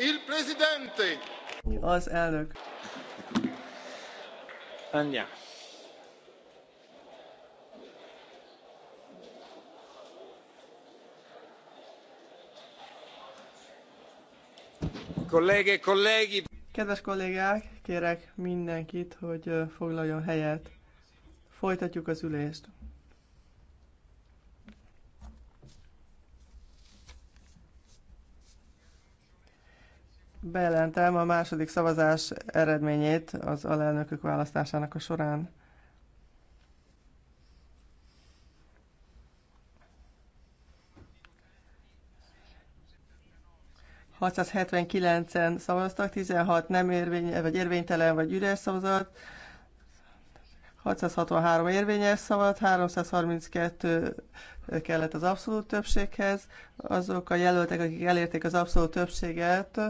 Il presidente. Az elnök. Andiamo. Kollége, e Kedves kollégák, kérek mindenkit, hogy foglaljon helyet. Folytatjuk az ülést. Bejelentem a második szavazás eredményét az alelnökök választásának a során. en szavaztak, 16 nem érvény, vagy érvénytelen, vagy üres szavazat, 663 érvényes szavazat, 332 kellett az abszolút többséghez. Azok a jelöltek, akik elérték az abszolút többséget,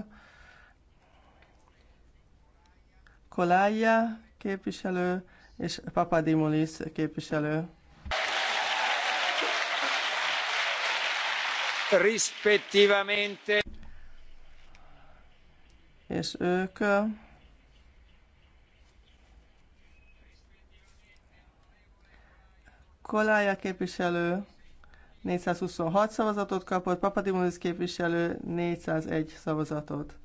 Kolája képviselő és Papadimulis képviselő. Respektivamente. És ők Kolája képviselő 426 szavazatot kapott, Papadimulis képviselő 401 szavazatot.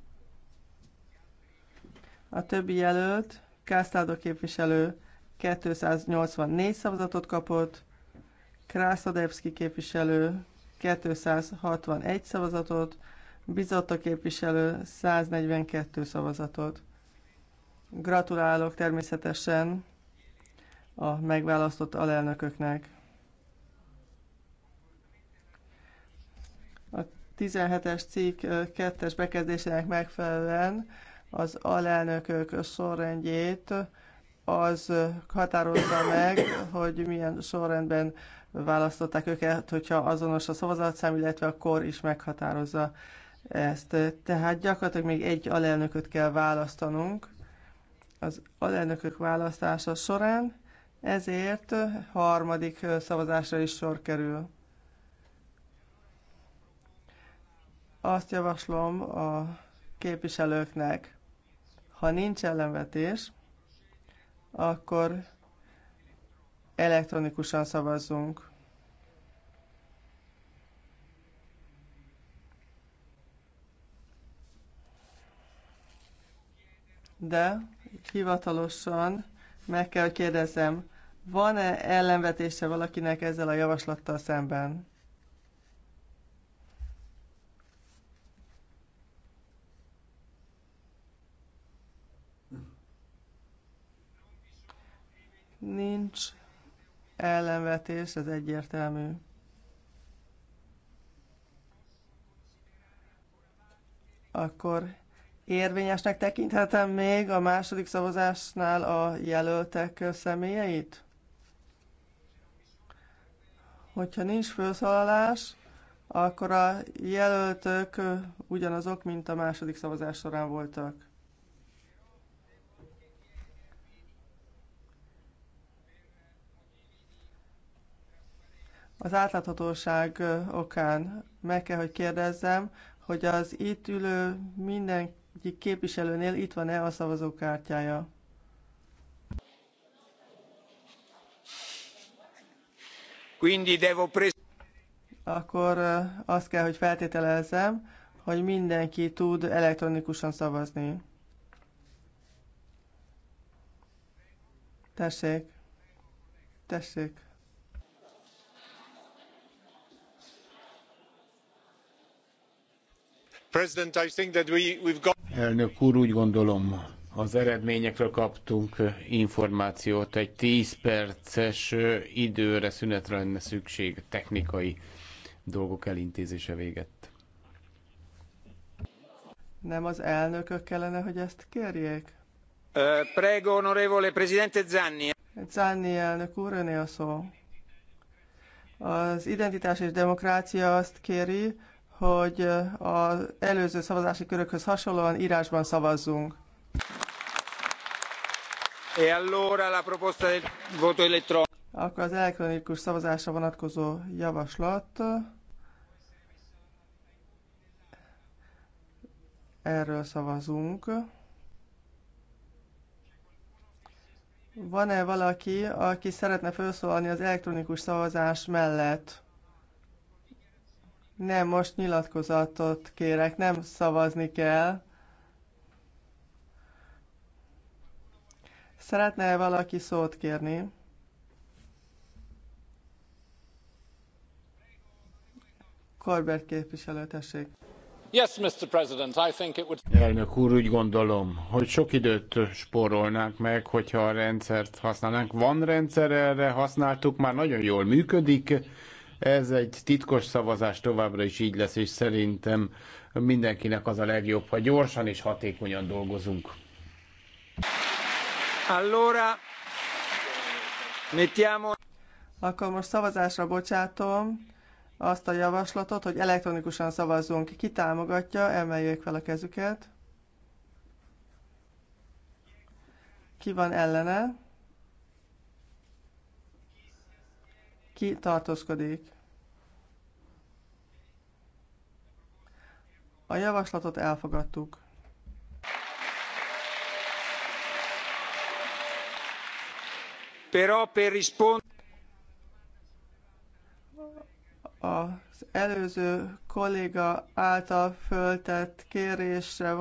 A többi jelölt, Kásztádó képviselő 284 szavazatot kapott, Krászadevszki képviselő 261 szavazatot, Bizotta képviselő 142 szavazatot. Gratulálok természetesen a megválasztott alelnököknek. A 17-es cikk 2-es bekezdésének megfelelően az alelnökök sorrendjét, az határozza meg, hogy milyen sorrendben választották őket, hogyha azonos a szavazatszám, illetve a kor is meghatározza ezt. Tehát gyakorlatilag még egy alelnököt kell választanunk az alelnökök választása során, ezért harmadik szavazásra is sor kerül. Azt javaslom a képviselőknek, ha nincs ellenvetés, akkor elektronikusan szavazzunk. De hivatalosan meg kell, hogy kérdezzem, van-e ellenvetése valakinek ezzel a javaslattal szemben? Nincs ellenvetés, ez egyértelmű. Akkor érvényesnek tekinthetem még a második szavazásnál a jelöltek személyeit? Hogyha nincs felszólalás, akkor a jelöltök ugyanazok, mint a második szavazás során voltak. Az átláthatóság okán meg kell, hogy kérdezzem, hogy az itt ülő mindenki képviselőnél itt van-e a szavazókártyája. Quindi devo Akkor azt kell, hogy feltételezzem, hogy mindenki tud elektronikusan szavazni. Tessék. Tessék. Elnök úr, úgy gondolom, az eredményekről kaptunk információt. Egy tíz perces időre szünetre lenne szükség technikai dolgok elintézése végett. Nem az elnökök kellene, hogy ezt kérjék? Prego, onorevole, presidente Zanni. Zanni elnök úr, öné a szó. Az identitás és demokrácia azt kéri, hogy az előző szavazási körökhöz hasonlóan írásban szavazzunk. E allora la proposta del voto elettronico. Akkor az elektronikus szavazásra vonatkozó javaslat. Erről szavazunk. Van-e valaki, aki szeretne felszólalni az elektronikus szavazás mellett? Nem, most nyilatkozatot kérek, nem szavazni kell. Szeretne -e valaki szót kérni? Korbert képviselő, tessék. Yes, Mr. President, I think it would... Elnök úr, úgy gondolom, hogy sok időt spórolnánk meg, hogyha a rendszert használnánk. Van rendszer erre, használtuk, már nagyon jól működik ez egy titkos szavazás továbbra is így lesz, és szerintem mindenkinek az a legjobb, ha gyorsan és hatékonyan dolgozunk. Allora, mettiamo... Akkor most szavazásra bocsátom azt a javaslatot, hogy elektronikusan szavazzunk. Ki támogatja, emeljék fel a kezüket. Ki van ellene? Ki tartózkodik? A javaslatot elfogadtuk. Però per rispond... az előző kolléga által föltett kérésre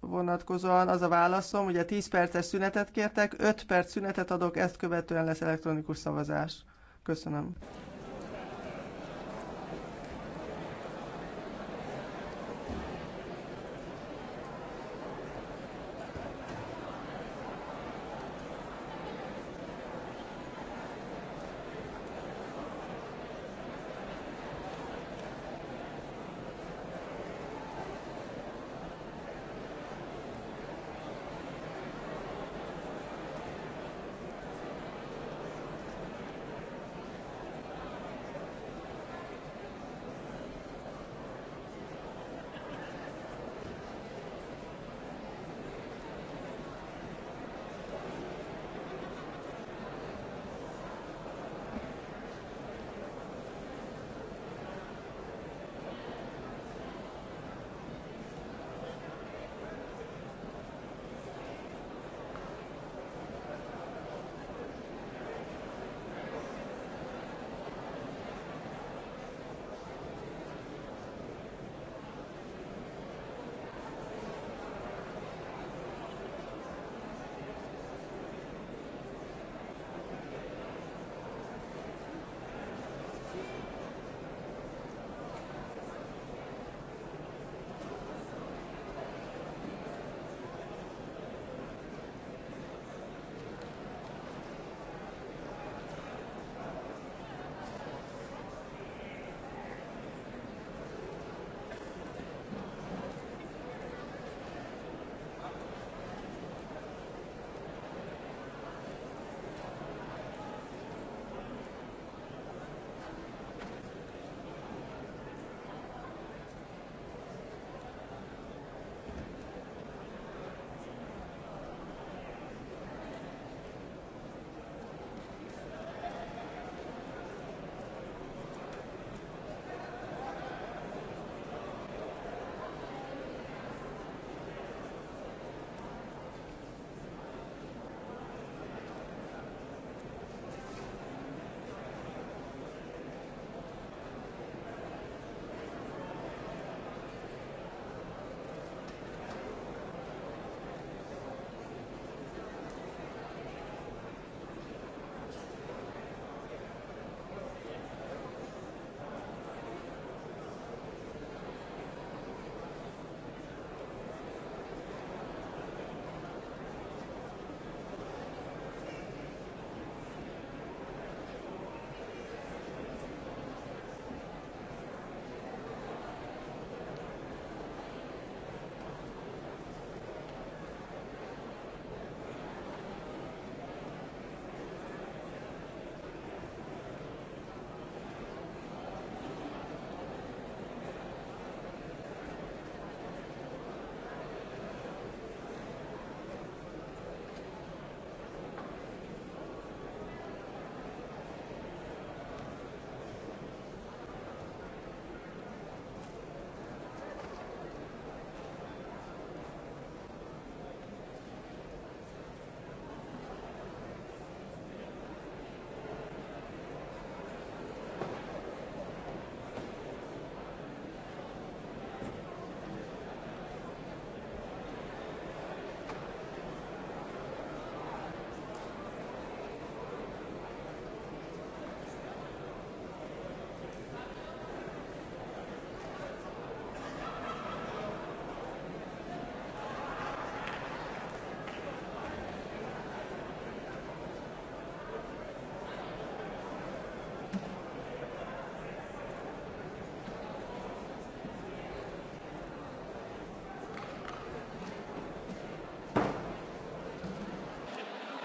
vonatkozóan az a válaszom, ugye 10 perces szünetet kértek, 5 perc szünetet adok, ezt követően lesz elektronikus szavazás. Köszönöm.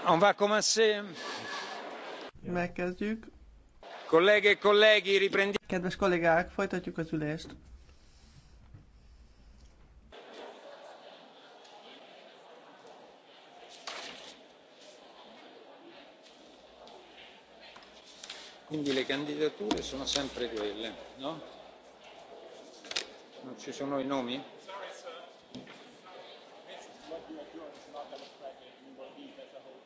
On va commencer. Megkezdjük. Kollége, kollégi, riprendi... Kedves kollégák, folytatjuk az ülést. Quindi le candidature sono sempre quelle, no? Non ci sono i nomi?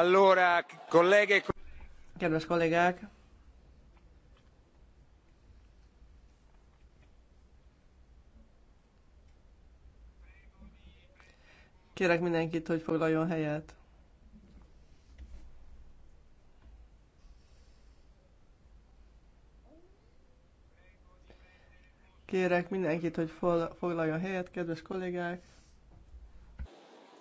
Allora, e Kedves kollégák! Kérek mindenkit, hogy foglaljon helyet. Kérek mindenkit, hogy foglaljon helyet, kedves kollégák!